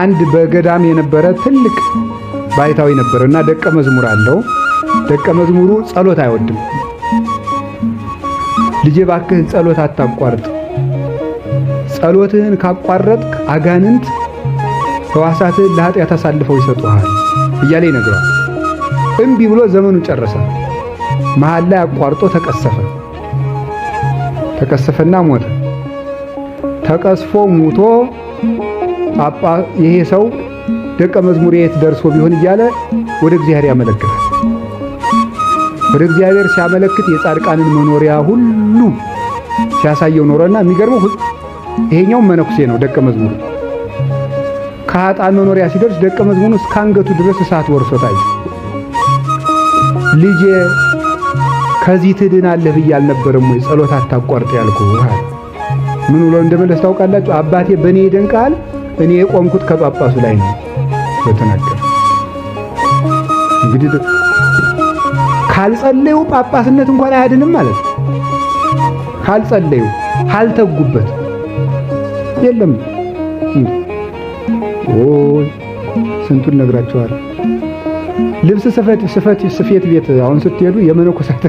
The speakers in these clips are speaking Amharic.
አንድ በገዳም የነበረ ትልቅ ባይታዊ ነበረ እና ደቀ መዝሙር አለው። ደቀ መዝሙሩ ጸሎት አይወድም። ልጄ ባክህ ጸሎት አታቋርጥ፣ ጸሎትህን ካቋረጥክ አጋንንት ሕዋሳትህን ለኃጢአት አሳልፈው ይሰጡሃል እያለ ይነግረዋል። እምቢ ብሎ ዘመኑ ጨረሰ። መሃል ላይ አቋርጦ ተቀሰፈ። ተቀሰፈና ሞተ። ተቀስፎ ሙቶ ይሄ ሰው ደቀ መዝሙር የት ደርሶ ቢሆን እያለ ወደ እግዚአብሔር ያመለክታል። ወደ እግዚአብሔር ሲያመለክት የጻድቃንን መኖሪያ ሁሉ ሲያሳየው ኖረና የሚገርመው ይሄኛው መነኩሴ ነው ደቀ መዝሙሩ። ከሀጣን መኖሪያ ሲደርስ ደቀ መዝሙሩ እስከ አንገቱ ድረስ እሳት ወርሶታል። ልጄ ከዚህ ትድናለህ ብዬ አልነበረም ወይ ጸሎት አታቋርጥ ያልኩህ? ምን ብሎ እንደመለስ ታውቃላችሁ? አባቴ በእኔ ይደንቃል እኔ የቆምኩት ከጳጳሱ ላይ ነው በተናገረ እንግዲህ ካልጸለዩ ጳጳስነት እንኳን አያድንም ማለት ነው። ካልጸለዩ ካልተጉበት የለም። ኦይ ስንቱን ነግራቸዋል። ልብስ ስፌት ስፈት ስፌት ቤት አሁን ስትሄዱ የመነኮሳት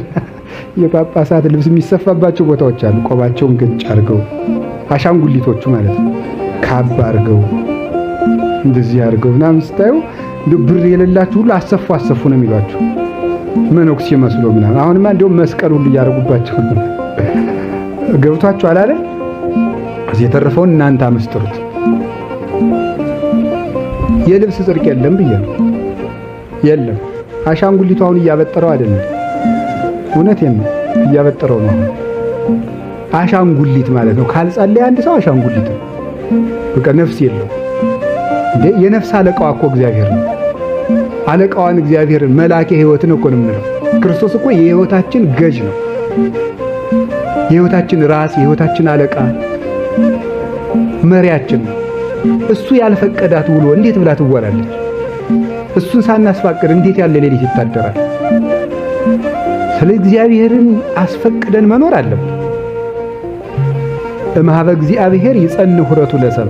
የጳጳሳት ልብስ የሚሰፋባቸው ቦታዎች አሉ። ቆባቸውን ገጭ አድርገው አሻንጉሊቶቹ ማለት ነው። ካብ አድርገው እንደዚህ አድርገው ምናምን ስታዩ ብር የሌላችሁ ሁሉ አሰፉ አሰፉ ነው የሚሏችሁ። መነኩሴ መስሎ ምናምን። አሁንማ እንዲሁም መስቀል ሁሉ እያደረጉባቸው ገብቷችሁ አላለ እዚህ የተረፈውን እናንተ አመስጥሩት። የልብስ ጽድቅ የለም ብዬ ነው የለም። አሻንጉሊቱ አሁን እያበጠረው አይደለም፣ እውነቴን ነው እያበጠረው ነው። አሻንጉሊት ማለት ነው። ካልጸለየ አንድ ሰው አሻንጉሊት ነው። በቃ ነፍስ የለው። የነፍስ አለቃዋ እኮ እግዚአብሔር ነው። አለቃዋን እግዚአብሔር መላኬ ሕይወትን እኮ ነው የምንለው። ክርስቶስ እኮ የሕይወታችን ገዥ ነው፣ የሕይወታችን ራስ፣ የሕይወታችን አለቃ መሪያችን ነው። እሱ ያልፈቀዳት ውሎ እንዴት ብላ ትወላለች? እሱን ሳናስፋቅድ እንዴት ያለ ሌሊት ይታደራል? ስለ እግዚአብሔርን አስፈቅደን መኖር አለብን። እምኀበ እግዚአብሔር ይጸን ሁረቱ ለሰብ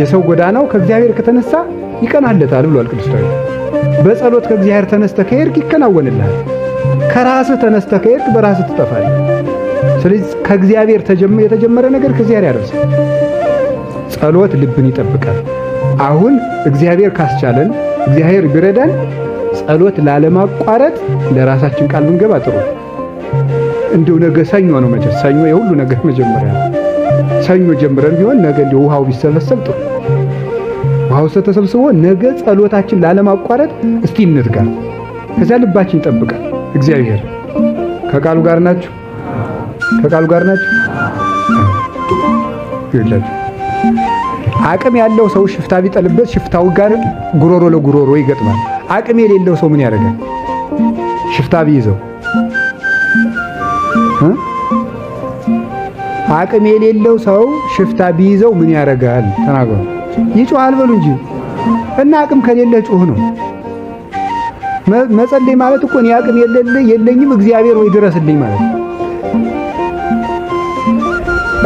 የሰው ጎዳናው ከእግዚአብሔር ከተነሳ ይቀናለታል ብሏል ቅዱስ ዳዊት። በጸሎት ከእግዚአብሔር ተነስተ ከሄድክ ይከናወንልሃል። ከራስህ ተነስተ ከሄድክ በራስህ ትጠፋለህ። ስለዚህ ከእግዚአብሔር የተጀመረ ነገር ከእግዚአብሔር ያደርሳል። ጸሎት ልብን ይጠብቃል። አሁን እግዚአብሔር ካስቻለን እግዚአብሔር ቢረዳን ጸሎት ላለማቋረጥ ለራሳችን ቃል ብንገባ ጥሩ። እንዲሁ ነገ ሰኞ ነው መቼ ሰኞ የሁሉ ነገር መጀመሪያ ነው። ሰኞ ጀምረን ቢሆን ነገ እንዲሁ ውሃው ቢሰበሰብ ጥሩ። ውሃው ተሰብስቦ ነገ ጸሎታችን ላለማቋረጥ እስቲ እንትጋ። ከዚያ ልባችን ይጠብቃል እግዚአብሔር። ከቃሉ ጋር ናችሁ? ከቃሉ ጋር ናችሁ? ይላል አቅም ያለው ሰው ሽፍታ ቢጠልበት ሽፍታው ጋር ጉሮሮ ለጉሮሮ ይገጥማል። አቅም የሌለው ሰው ምን ያደርጋል? ሽፍታ ቢይዘው አቅም የሌለው ሰው ሽፍታ ቢይዘው ምን ያደርጋል? ተናገሩ። ይጮሃል በሉ እንጂ እና አቅም ከሌለ ጩህ ነው። መጸለይ ማለት እኮ እኔ አቅም የለኝም እግዚአብሔር ወይ ድረስልኝ ማለት ነው።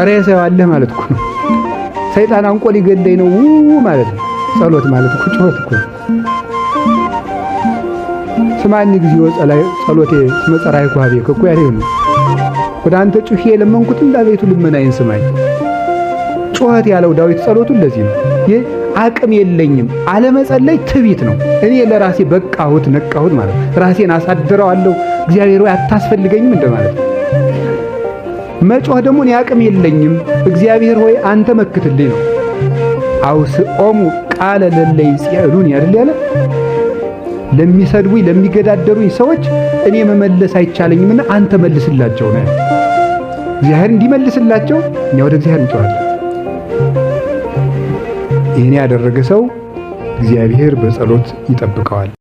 ሬሳ ያለህ ማለት እኮ ነው። ሰይጣን አንቆ ሊገደይ ነው ማለት ነው። ጸሎት ማለት እኮ ጩኸት እኮ ስማኒ ጊዜ ጸሎቴ መጸራይ ኳቤ ከኩ ያለ ነው ወደ አንተ ጩሄ የለመንኩት እንዳቤቱ ልመናዬን ስማኝ። ጩኸት ያለው ዳዊት ጸሎቱ እንደዚህ ነው። ይህ አቅም የለኝም አለመጸለይ ትቢት ነው። እኔ ለራሴ በቃሁት ነቃሁት ማለት ነው። ራሴን አሳድረዋለሁ። እግዚአብሔር ሆይ አታስፈልገኝም እንደማለት ነው። መጮህ ደግሞ እኔ አቅም የለኝም እግዚአብሔር ሆይ አንተ መክትልኝ ነው። አውስ ኦሙ ቃለ ለለይ ጽያሉን ያድል ያለ ለሚሰድቡኝ ለሚገዳደሩኝ ሰዎች እኔ መመለስ አይቻለኝምና አንተ መልስላቸው ነው። እግዚአብሔር እንዲመልስላቸው እኛ ወደ እግዚአብሔር እንጮኻለን። ይህን ያደረገ ሰው እግዚአብሔር በጸሎት ይጠብቀዋል።